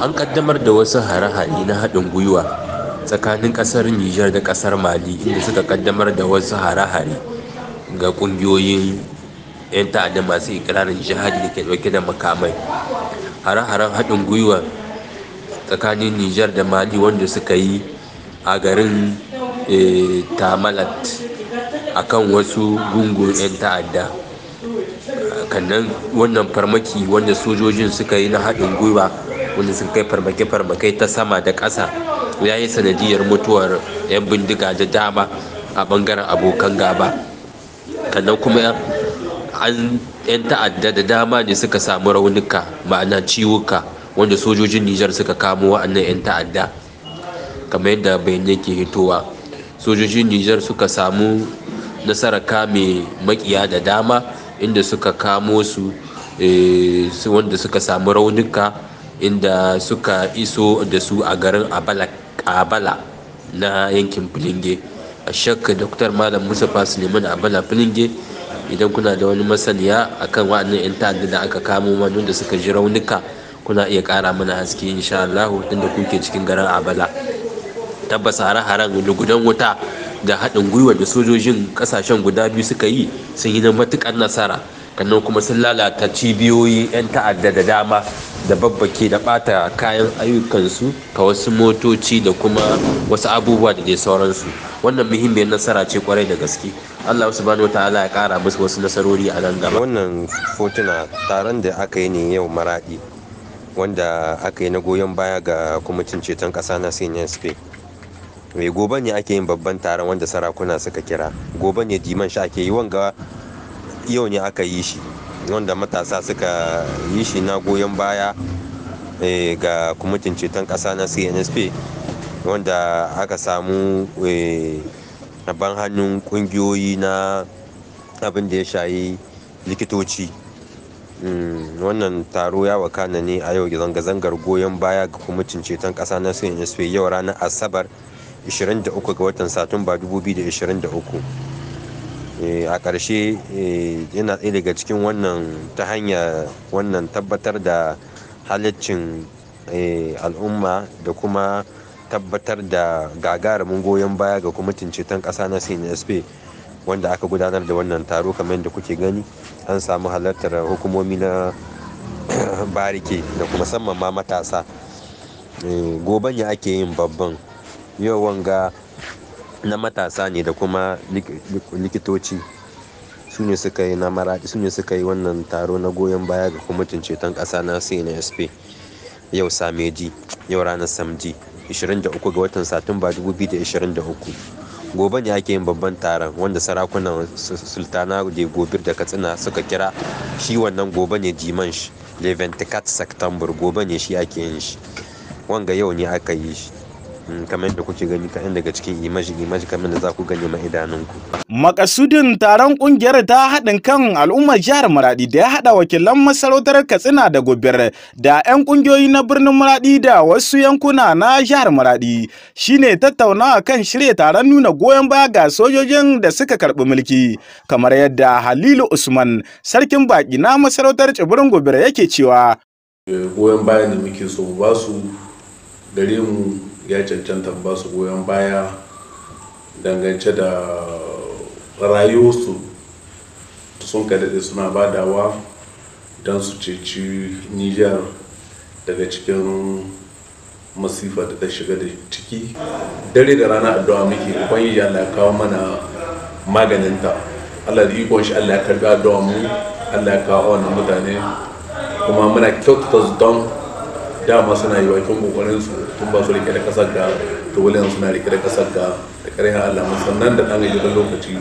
an kaddamar da wasu hare-hare na haɗin gwiwa tsakanin ƙasar nijar da ƙasar mali inda suka kaddamar da wasu hare-hare ga ƙungiyoyin 'yan ta'adda masu ikirarin jihadi da ke ɗauke da makamai hare-haren haɗin gwiwa tsakanin nijar da mali wanda suka yi a garin eh, tamalat a kan wasu gungun 'yan ta'adda kannan wannan farmaki wanda sojojin suka yi na haɗin gwiwa Wanda sun kai farmake-farmake ta sama da ƙasa ya yi sanadiyar mutuwar 'yan bindiga da dama a bangaren abokan gaba kannan kuma an 'yan ta'adda da dama ne suka samu raunuka ma'ana ciwuka wanda sojojin nijar suka kamo wa'annan 'yan ta'adda kamar yadda bayan ke hitowa sojojin nijar suka samu nasarar kame makiya da dama inda suka kamo su eh, wanda suka samu raunuka inda suka iso da su a garin abala na yankin filinge a shakka dr malam mustapha suleiman abala filinge idan kuna da wani masaniya akan wa'annan 'yan ta'adda da aka kamo manu da suka ji raunuka kuna iya kara mana haske insha Allah da kuke cikin garin abala tabbas hare-haren lugudan wuta da haɗin gwiwa da sojojin ƙasashen guda biyu suka yi sun yi na matuƙar nasara sannan kuma sun lalata cibiyoyi 'yan ta'adda da dama da babbake da bata kayan ayyukansu ka wasu motoci da kuma wasu abubuwa da dai sauransu wannan muhimmiyar nasara ce kwarai da gaske allah subhanahu wa ta'ala ya kara musu wasu nasarori a nan gaba wannan fotuna taron da aka yi ne yau maraɗi wanda aka yi na goyon baya ga kwamitin ceton ƙasa na senior spain mai eh, gobe ne ake yin babban taron wanda sarakuna suka kira gobe ne diman shi ake yi wanga yau ne aka yi shi wanda matasa suka yi shi na goyon baya eh, ga kwamitin ceton ƙasa na cnsp wanda aka samu eh, ban hannun ƙungiyoyi na abin da ya shayi likitoci mm, wannan taro ya wakana ne a yau zanga-zangar goyon baya ga kwamitin ceton ƙasa na cnsp yau ranar asabar 23 ga watan satumba 2023 Eh, a ƙarshe eh, yana ɗaya daga cikin wannan ta hanya wannan tabbatar da halaccin eh, al'umma da kuma tabbatar da gagarumin goyon baya ga kwamitin ceton ƙasa na cnsp wanda aka gudanar da wannan taro kamar yadda kuke gani an samu halartar hukumomi na barike da kuma musamman ma matasa gobe ne ake yin babban yau wanga na matasa ne da kuma likitoci su ne suka yi na maraɗi su ne suka yi wannan taro na goyon baya ga kwamitin ceton ƙasa na cnsp yau sameji yau ranar samji 23 ga watan satumba 2023 gobe ne ake yin babban taron wanda sarakunan sultana da gobir da katsina suka kira shi wannan gobe ne dimansh 24 september gobe ne shi ake yin shi wanga yau ne aka yi shi Mm, kamar yadda kuke gani kaɗan daga cikin imaji imaji kamar da za ku gani ma idanunku. Makasudin taron ƙungiyar ta haɗin kan al'ummar jihar Muradi da ya haɗa wakilan masarautar Katsina da Gobir da 'yan ƙungiyoyi na birnin Muradi da wasu yankuna na jihar Muradi shine tattaunawa kan shirya taron nuna goyon baya ga sojojin da suka karɓi mulki kamar yadda Halilu Usman sarkin baƙi na masarautar tsibirin Gobir yake cewa. Eh, goyon baya da muke so ba su gare mu ya cancanta ba su goyon baya dangance da rayuwarsu sun ka suna badawa don su ceci niger daga cikin masifa da ta shiga da ciki dare da rana addu'a muke ubangiji allah ya kawo mana maganinta allah da ikon shi allah ya karbi addu'a mu allah ya kawo wannan mutane kuma muna kyautata don dama suna yi bakin kokarin su tun ba su rike da kasar ga to waliyan suna rike da kasar ga da ƙarfin alamu sannan da yi gajeren lokaci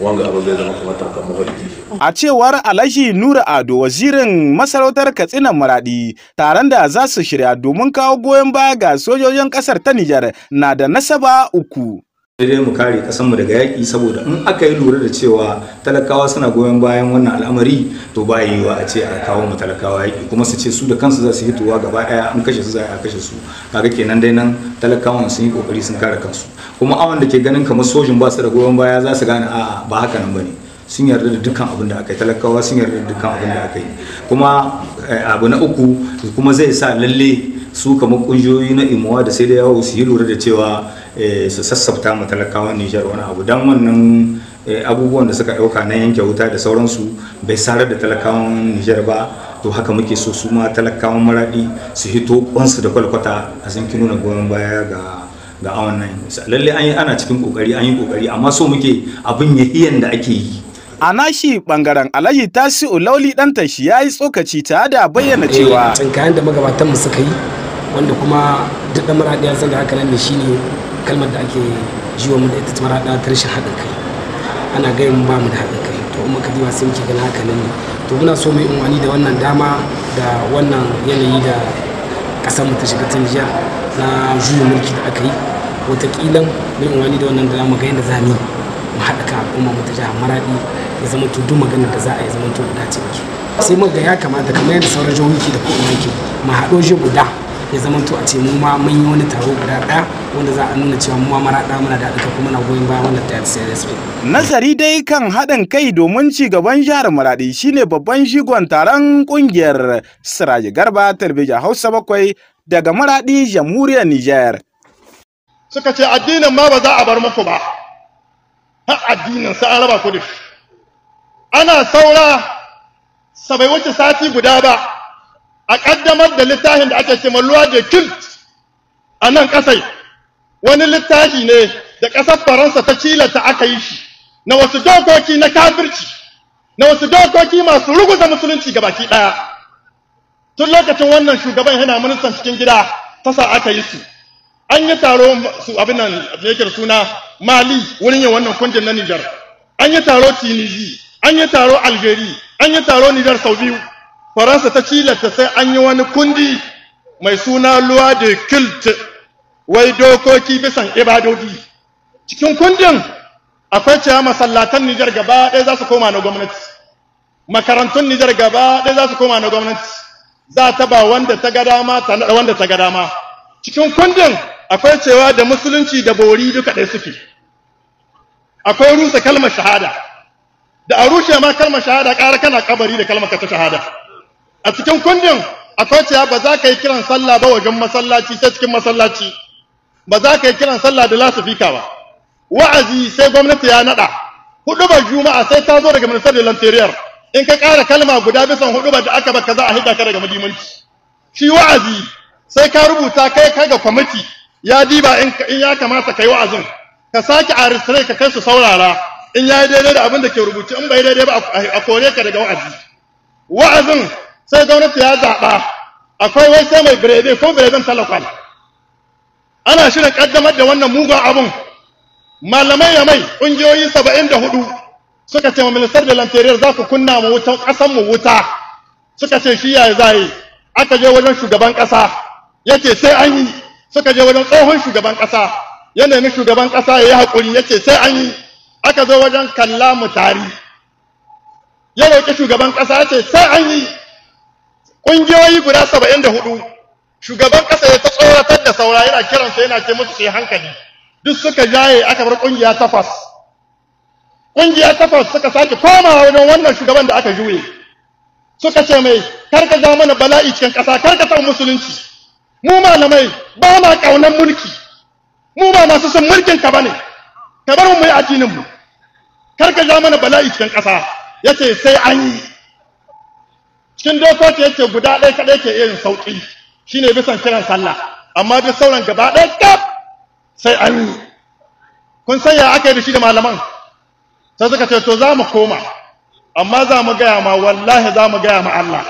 wanga abu zai zama kamar tankan muhalli A cewar Alhaji Nura Ado wazirin masarautar Katsina Maradi taron da za su shirya domin kawo goyon baya ga sojojin kasar ta Nijar na da nasaba uku. dai mu kare mu daga yaki saboda in aka yi lura da cewa talakawa suna goyon bayan wannan al'amari to ba wa a ce a kawo mu talakawa yaƙi kuma su ce su da kansu za su hitowa gaba ɗaya an kashe su za a kashe su kaga kenan dai nan talakawan sun yi kokari sun kare kansu kuma awan da ke ganin kamar sojin ba su da goyon baya za su gane a'a ba haka nan bane sun yarda da dukkan abin da aka yi talakawa sun yarda da dukkan abin da aka yi kuma eh, abu na uku kuma zai sa lalle su kamar kungiyoyi na imuwa da sai da yawo su yi lura da cewa Eh, su sassafta mu talakawan Nijar wani abu dan wannan eh, abubuwan da suka dauka na yanke wuta da sauransu bai sarar da talakawan Nijar ba to haka muke so su ma talakawan maradi su hito kwansu da kwalkwata a zinki nuna goyon baya ga ga awon lalle an yi ana cikin kokari an yi kokari amma so muke abin yahiyan da ake yi a nashi bangaren alayi tasi'u lauli dan shi ya yi tsokaci ta da bayyana cewa eh, tsinkayen da magabatan mu suka yi wanda kuma duk da maradi ya san da haka nan ne shine kalmar da ake jiwa mu da ita ta mara ta rashin haɗin kai ana gaya mu ba mu da haɗin kai to in kadi diba sai k'i ganin haka nan ne to muna so mu yi umarni da wannan dama da wannan yanayi da ƙasar mu ta shiga ta jiya na juyin mulki da aka yi mu yi umarni da wannan dama ga yadda za mu mu haɗa kan kuma mu ta jihar Maradi ya zama to duk maganar da za a yi zama to guda ce sai muka ga ya kamata kamar yadda sauran jihohi da kuma ke mu haɗo shi guda ya zama to a ce mu ma mun yi wani taro guda ɗaya wanda za a nuna cewa mu ma mara ɗaya muna da haɗa kuma na goyon bayan wannan ta CRSP. Nazari dai kan haɗin kai domin ci gaban jihar Maradi shine babban shigon taron ƙungiyar Siraji Garba Talbija Hausa bakwai daga Maradi Jamhuriyar Nijar. Suka ce addinin ma ba za a bar muku ba. Ha addinin sa an raba ku da Ana saura sabai wuce sati guda ba a ƙaddamar da littafin da ake cewa luwa da kilt a nan ƙasai wani littafi ne da ƙasar faransa ta cilata aka yi shi na wasu dokoki na kafirci na wasu dokoki masu ruguza musulunci ga baki ɗaya tun lokacin wannan shugaban yana ministan cikin gida ta aka yi su an yi taro su abin nan yake suna mali wurin yin wannan kungin na Niger. an yi taro tunisi an yi taro algeria an yi taro Niger, sau biyu faransa ta cilata sai an yi wani kundi mai suna luwa da kilt wai dokoki bisan ibadodi cikin kundin akwai cewa masallatan nijar gaba ɗaya za su koma na gwamnati makarantun nijar gaba ɗaya za su koma na gwamnati za ta ba wanda ta ga dama ta naɗa wanda ta ga dama cikin kundin akwai cewa da musulunci da bori duka ɗaya suke akwai rusa kalmar shahada da a rushe ma kalmar shahada ƙara kana kabari da kalmar ka ta shahada a cikin kundin akwai cewa ba za ka yi kiran sallah ba wajen masallaci sai cikin masallaci ba za ka yi kiran sallah da lasifika ba wa'azi sai gwamnati ya nada ba juma'a sai ta zo daga minisar da in ka kara kalma guda bisan hudu ba da aka ba ka za a hida ka daga madimanci shi wa'azi sai ka rubuta kai ka ga kwamiti ya diba in ya kamata ka yi wa'azin ka sake a ristare ka kai su saurara in ya yi daidai da abin da ke rubuce in bai daidai ba a kore ka daga wa'azi wa'azin sai gwamnati ya zaɓa akwai wai sai mai biredi ko biredin talakwal ana shirin ƙaddamar da wannan mugun abun malamai ya mai ƙungiyoyi saba'in da hudu suka ce ma ministar da lantariyar za ku kunna mu wutan ƙasan mu wuta suka ce shi yaya za yi aka je wajen shugaban ƙasa ya ce sai an yi suka je wajen tsohon shugaban ƙasa ya nemi shugaban ƙasa ya yi haƙuri ya ce sai an yi aka zo wajen kalla mu tari ya roƙi shugaban ƙasa ya ce sai an yi ƙungiyoyi guda saba'in da hudu shugaban ƙasa ya tsoratar da saura yana kiransa yana ce musu sai hankali duk suka jaye aka bar ƙungiya tafas, ƙungiya tafas suka sake komawa wajen wannan shugaban da aka juye suka ce mai karka ga mana bala'i cikin ƙasa karka ta musulunci mu malamai ba ma ƙaunar mulki mu ba masu son mulkin ka bane ka bar mu yi addinin mu karka ga mana bala'i cikin ƙasa yace sai an yi cikin dokoki yake guda ɗaya kaɗai ke yin sauƙi shine bisan kiran sallah amma duk sauran gaba ɗaya kaf sai an yi kun san ya aka yi da shi da malaman sai suka ce to za mu koma amma za mu gaya ma wallahi za mu gaya ma Allah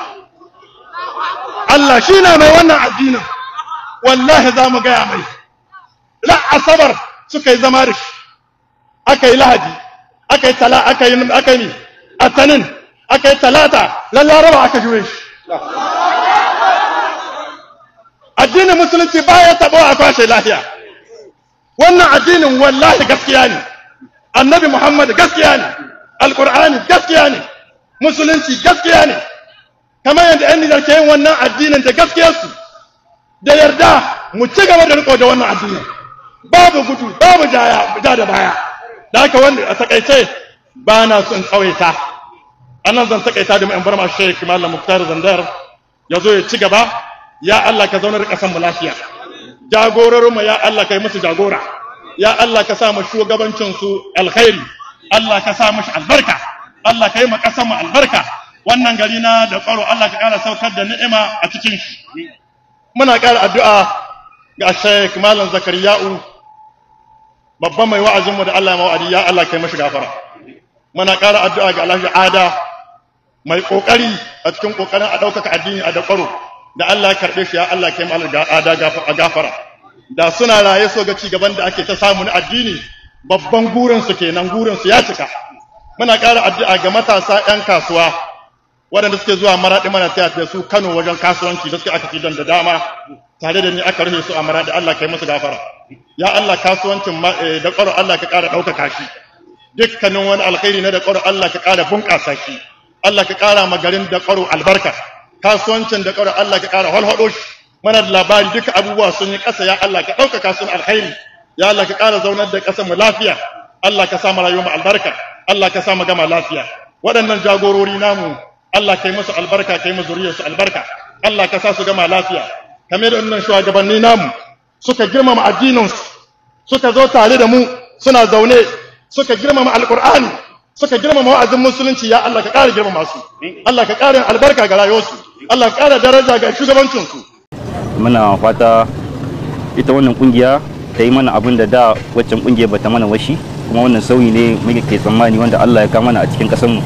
Allah shi na mai wannan addinin wallahi za mu gaya mai la asabar suka yi zama da shi aka yi lahadi aka yi tala aka yi aka yi atanin aka yi talata lallaraba aka juye shi addinin musulunci ba ya taɓa a kwashe lahiya wannan addinin wallahi gaskiya ne annabi muhammad gaskiya ne alkur'ani gaskiya ne musulunci gaskiya ne kamar yadda yan nijar ke yin wannan addinin da gaskiyarsu da yarda mu ci gaba da riko da wannan addinin babu gudu babu jaya da baya da haka wanda a takaice ba na son tsawaita anan zan takaita da mai barma Sheikh Malam Muktar Zandar ya zo ya ci gaba ya Allah ka zaunar kasan mu lafiya jagororin mu ya Allah kai musu jagora ya Allah ka sa mu shugabancin su alkhairi Allah ka sa mishi albarka Allah ka yi mu kasan mu albarka wannan gari na da tsaro Allah ka kara saukar da ni'ima a cikin shi muna kara addu'a ga Sheikh Malam Zakariya'u babban mai wa'azin mu da Allah ya mawadi ya Allah kai mishi gafara muna kara addu'a ga Alhaji Ada mai kokari a cikin kokarin a daukaka addini a dakwaro da Allah ya karbe shi ya Allah kai mal ga a gafara da suna raye so ga ci gaban da ake ta samu na addini babban gurin su kenan gurin su ya cika muna ƙara addu'a ga matasa ɗan kasuwa waɗanda suke zuwa maraɗi mana taya da su Kano wajen kasuwanci da suke aka fi da dama tare da ni aka rufe su a maraɗi Allah kai musu gafara ya Allah kasuwancin eh, da ƙwaro Allah ka ƙara ɗaukaka shi dukkanin wani alkhairi na da ƙwaro Allah ka ƙara bunƙasa shi Allah ka ƙara ma garin da ƙaro albarka kasuwancin da ƙaro Allah ka ƙara halhaɗo shi mana da labari duka abubuwa sun yi ƙasa ya Allah ka ɗaukaka sun alkhairi ya Allah ka ƙara zaunar da ƙasar mu lafiya Allah ka sa mu rayuwar albarka Allah ka sa mu gama lafiya waɗannan jagorori namu Allah kai musu albarka kai musu zuriyarsu albarka Allah ka sa su gama lafiya kamar da wannan shugabanni namu suka girmama addininsu suka zo tare da mu suna zaune suka girmama Alkur'ani. suka girmama wa'azin musulunci ya Allah ka ƙara girmama su Allah ka ƙara albarka ga rayuwarsu Allah ka ƙara daraja ga shugabancinsu muna fata ita wannan kungiya ta yi mana abin da da waccan kungiya bata mana washi kuma wannan sauyi ne muke ke tsammani wanda Allah ya kama mana a cikin ƙasar mu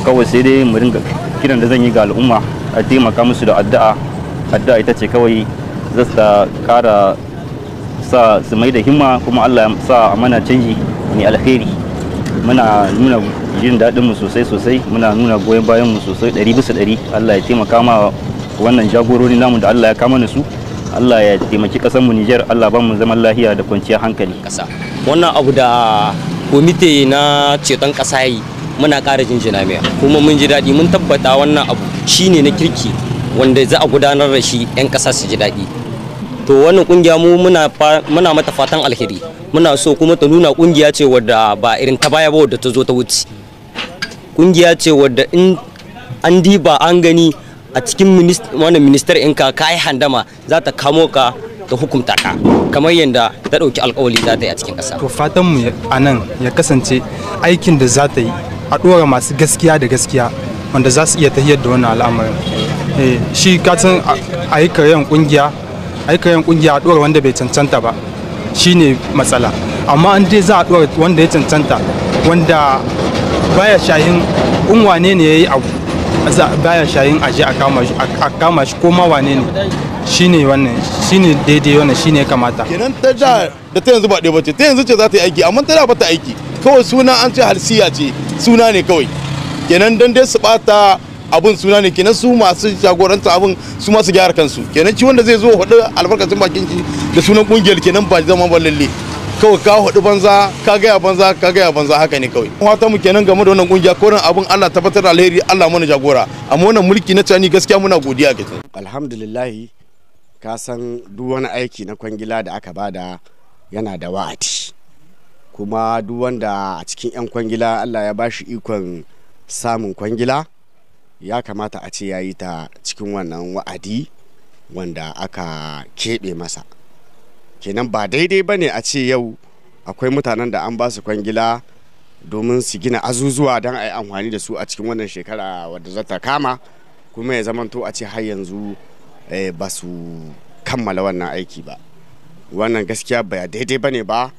kawai sai dai mu ringa kiran da zan yi ga al'umma a taimaka musu da addu'a addu'a ita ce kawai za ta ƙara sa su mai da himma kuma Allah ya sa a mana canji mai alheri muna nuna jin daɗin mu sosai sosai muna nuna goyon bayan mu sosai ɗari bisa ɗari Allah ya taimaka ma wannan jagorori namu da Allah ya kama su Allah ya taimaki ƙasar mu nijar Allah ba mu zama lahiya da kwanciyar hankali ƙasa wannan abu da komite na ceton ƙasa yi muna ƙara jina miya kuma mun ji daɗi mun tabbata wannan abu shine na kirki wanda za a gudanar da shi 'yan ƙasa su ji daɗi to wannan kungiya mu muna muna mata fatan alheri muna so kuma ta nuna kungiya ce wadda ba irin ta baya ba wadda ta zo ta wuce kungiya ce wadda in an diba an gani a cikin wannan ministar in ka kai handama za ta kamo ka ta hukunta ka kamar yadda ta ɗauki alkawali za ta yi a cikin ƙasa. to fatan mu a nan ya kasance aikin da za ta yi a ɗora masu gaskiya da gaskiya wanda za su iya tahiyar da wannan al'amarin eh, shi katin a yi karyan kungiya aikayen kungiya a wanda bai cancanta ba shine matsala amma an dai za a wanda ya cancanta wanda baya shayin unwa wane ne ya yi abu baya shayin aje a kama shi koma wane ne shine wannan shine daidai wannan shine kamata kenan ta da da ta yanzu ba ɗaya bace ta yanzu ce za ta yi aiki amma ta da ba ta aiki kawai suna an ce halsiya ce suna ne kawai kenan dan dai su bata abun suna ne kenan su masu jagoranta abin su masu gyara kansu kenan ci wanda zai zo hudu albarkacin bakin shi da sunan kungiyar kenan ba zama ba lalle kawai ka hudu banza ka gaya banza ka gaya banza haka ne kawai wata mu kenan game da wannan kungiya ko abin abun Allah tabbatar da alheri Allah mana jagora amma wannan mulki na tani gaskiya muna godiya ga alhamdulillah ka san duk wani aiki na kwangila da aka bada yana da wa'adi kuma duk wanda a cikin 'yan kwangila Allah ya bashi ikon samun kwangila ya kamata a ce ya yi ta cikin wannan wa'adi wanda aka keɓe masa kenan ba daidai ba ne a ce yau akwai mutanen da an ba su kwangila domin su gina azuzuwa don a yi amfani da su a cikin wannan shekara wadda zata kama kuma ya zamanto a ce har yanzu eh, ba su kammala wannan aiki ba wannan gaskiya ba daidai ba ne ba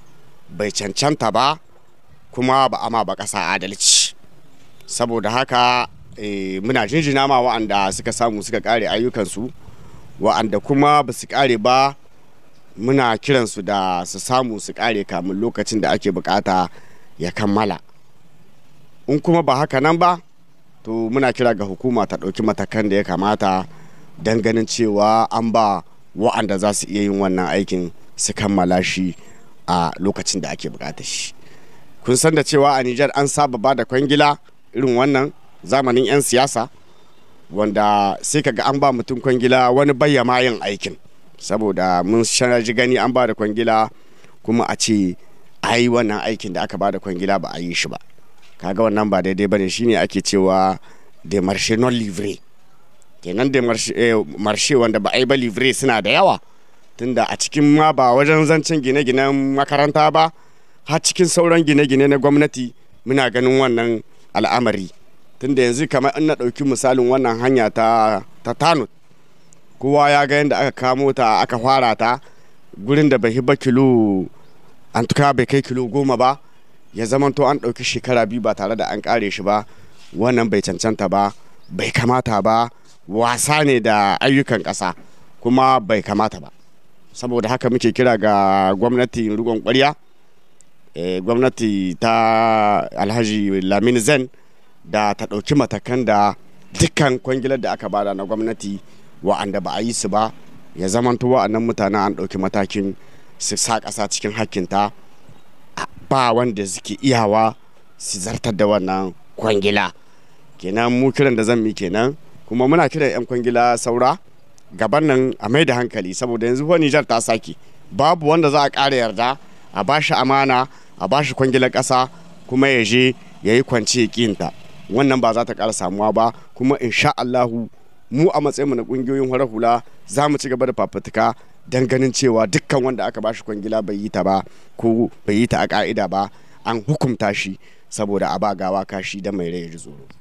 bai cancanta ba kuma ba ama ba ƙasa adalci saboda haka Eh, muna jinjina ma wa'anda suka samu suka kare ayyukansu wa'anda kuma ba su kare ba muna kiransu da su samu su kare kamun lokacin da ake bukata ya kammala in kuma ba haka nan ba to muna kira ga hukuma ta ɗauki matakan da ya kamata don ganin cewa an ba wa'anda za su iya yin wannan aikin su kammala shi a lokacin da ake bukata shi kun san da cewa a nijar an saba ba da kwangila irin wannan zamanin 'yan siyasa wanda sai kaga an ba mutum kwangila wani bayyama yin aikin saboda mun ji gani an ba da kwangila kuma a ce yi wannan aikin da aka ba da kwangila ba a yi shi ba kaga wannan ba daidai ne shine ake cewa de marshe non livre kenan de marshe eh, wanda ba yi ba livre suna da yawa tunda a cikin ma ba wajen zancen gine-ginen makaranta ba har cikin sauran gine-gine na gwamnati muna ganin wannan al'amari tunda yanzu kamar in na ɗauki misalin wannan hanya ta ta kowa ya ga yadda aka kamo ta aka fara ta gurin da bai ba kilo an tuka bai kai kilo goma ba ya zamanto an ɗauki shekara biyu ba tare da an kare shi ba wannan bai cancanta ba bai kamata ba wasa ne da ayyukan ƙasa kuma bai kamata ba saboda haka muke kira ga gwamnati rugon ƙwarya eh, gwamnati ta alhaji lamin zen da ta ɗauki matakan da dukkan kwangilar da aka bada na gwamnati wa'anda ba a yi su ba ya zamanta wa'annan mutane an ɗauki matakin su sa ƙasa cikin hakkinta ba wanda suke iyawa su zartar da wannan kwangila kenan mu kiran da zan mi kenan kuma muna kiran 'yan kwangila saura gaban nan a mai da hankali saboda yanzu wani jar ta sake babu wanda za a ƙara yarda a bashi amana a bashi kwangilar ƙasa kuma ya je ya yi kwanci ya ƙinta wannan ba za ta ƙara samuwa ba kuma insha Allahu mu a matsayin mu na ƙungiyoyin hula hula za mu ci gaba da fafutuka don ganin cewa dukkan wanda aka bashi kwangila bai yi ta ba ko bai yi ta a ƙa'ida ba an hukumta shi saboda a ba gawa kashi da mai rai ya ji tsoro.